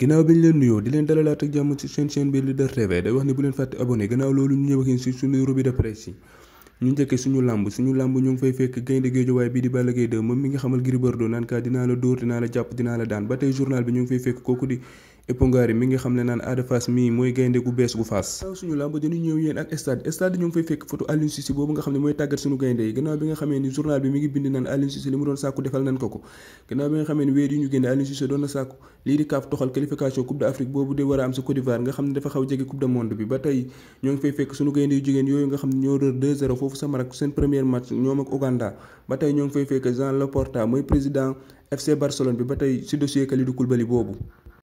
ginnaaw bi ñu leen nuyoo di leen dalalaat ak jàmm ci seen chaîne bi Leader TV day wax ne bu leen fàtte abonné gannaaw loolu ñu ñëw ak si suñu revue de presse yi ñu njëkkee suñu làmb suñu làmb ñu ngi fay fekk gaynde géejowaay bii di Balla Gaye 2 moom mi nga xamal Gris Bordeaux naan dinaa la dóor dinaa la jàpp dinaa la daan ba tey journal bi ñu ngi fay fekk kooku di Épongari mi ngi xam ne naan Ada Fass mii mooy gaynde gu bees gu Fass gannaaw suñu làmb dañu ñëw yéen ak stade stade ñu ngi fay fekk photo Aliou Cissé boobu nga xam ne mooy tàggat suñu gaynde yi gannaaw bi nga xamee ni journal bi mi ngi bind naan Aliou Cissé li mu doon sàkku defal nañ ko ko gannaaw bi nga xamee ni weer yi ñu génne Aliou Cissé doon sàkku lii kaaf toxal qualification coupe d'Afrique boobu de war a am sa Côte d'Ivoire nga xam ne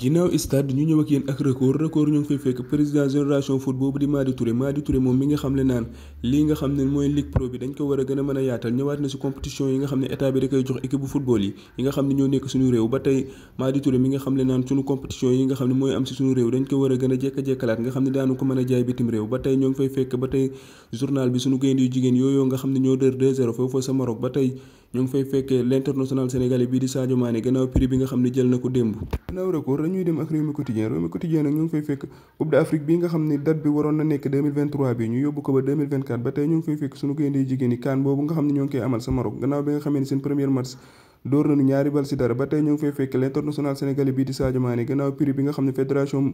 ginnaaw stade ñu ñëw ak yéen ak record record ñu ngi fay fekk président génération foot boobu di Madi Touré Madi Touré moom mi nga xam ne naan lii nga xam ne mooy ligue pro bi dañ ko war a gën a mën a yaatal ñëwaat na si compétition yi nga xam ne état bi da jox équipe bu football yi nga xam ne ñoo nekk suñu réew ba tey Madi Touré mi nga xam ne naan suñu compétition yi nga xam ne mooy am si suñu réew dañ ko war a gën a jekka-jekkalaat nga xam ne daanu ko mën a jaay bitim réew ba tey ñoo ngi fay fekk ba tey journal bi suñu xam ne ñoo dër 2-0 foofu sa ñoo ngi fay fekkee l'international sénégalais bii di Sadio gannaaw prix bi nga xam ne jël na ko démb gannaaw record dañuy dem bi waroon na nekk bi ñu yóbbu ko ba ba tey ñu ngi fay fekk suñu gaynde jigéen kaan boobu nga xam ne ñoo amal sa Maroc gannaaw bi nga xamee ne seen premier match dóor nañu ñaari bal si dara ba tey ñu ngi fay fekk l'international sénégalais bii di Sadio gannaaw prix bi nga xam ne fédération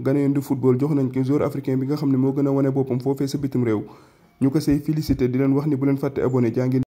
ghanéenne du football jox nañ ko joueur africain bi nga a wane boppam foofee sa bitim réew ñu ko say